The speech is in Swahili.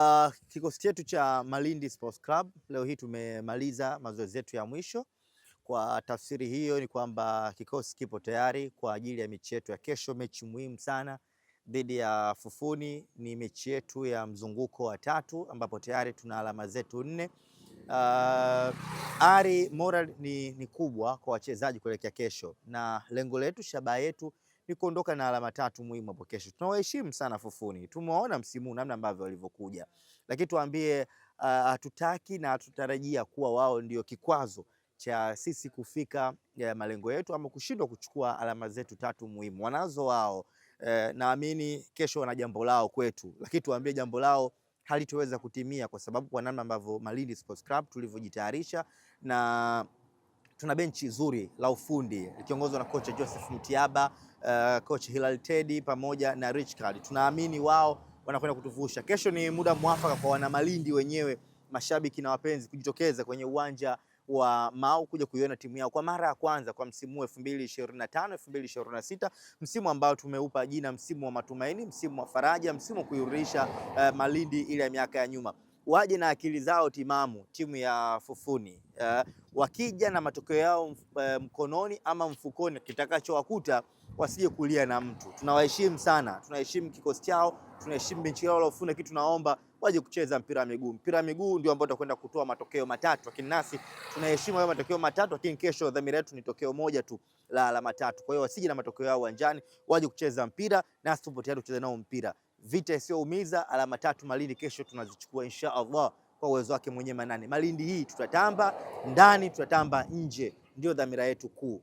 Uh, kikosi chetu cha Malindi Sports Club leo hii tumemaliza mazoezi yetu ya mwisho. Kwa tafsiri hiyo ni kwamba kikosi kipo tayari kwa ajili ya mechi yetu ya kesho, mechi muhimu sana dhidi ya Fufuni. Ni mechi yetu ya mzunguko wa tatu ambapo tayari tuna alama zetu nne. Uh, ari moral ni, ni kubwa kwa wachezaji kuelekea kesho, na lengo letu, shabaha yetu ni kuondoka na alama tatu muhimu hapo kesho. Tunawaheshimu sana Fufuni, tumewaona msimu namna ambavyo walivyokuja, lakini tuambie, ah, hatutaki uh, na hatutarajia kuwa wao ndio kikwazo cha sisi kufika ya eh, malengo yetu ama kushindwa kuchukua alama zetu tatu muhimu. Wanazo wao eh, naamini kesho wana jambo lao kwetu, lakini tuambie jambo lao halitoweza kutimia kwa sababu kwa namna ambavyo Malindi Sports Club tulivyojitayarisha na tuna benchi zuri la ufundi likiongozwa na kocha Joseph Mutiaba, uh, kocha Hilal Teddy pamoja na Rich Card. Tunaamini wao wanakwenda kutuvusha. Kesho ni muda mwafaka kwa wanamalindi wenyewe, mashabiki na wapenzi, kujitokeza kwenye uwanja wa Mau kuja kuiona timu yao kwa mara ya kwanza kwa msimu 2025 2026, msimu ambao tumeupa jina msimu wa matumaini, msimu wa faraja, msimu wa kuirudisha uh, Malindi ile ya miaka ya nyuma waje na akili zao timamu, timu ya Fufuni. Uh, wakija na matokeo yao eh, mkononi ama mfukoni, kitakachowakuta wasije kulia na mtu. Tunawaheshimu sana, tunaheshimu kikosi chao, tunaheshimu benchi yao waliofuna kitu. Naomba waje kucheza mpira wa miguu. Mpira wa miguu ndio ambao tutakwenda kutoa matokeo matatu, lakini nasi tunaheshimu hayo matokeo matatu, lakini kesho dhamira yetu ni tokeo moja tu la alama tatu. Kwa hiyo wasije na matokeo yao uwanjani, waje kucheza mpira, nasi tupo tayari kucheza nao mpira vita isiyoumiza alama tatu Malindi kesho tunazichukua insha Allah kwa uwezo wake mwenyewe Manane. Malindi hii tutatamba ndani, tutatamba nje, ndio dhamira yetu kuu.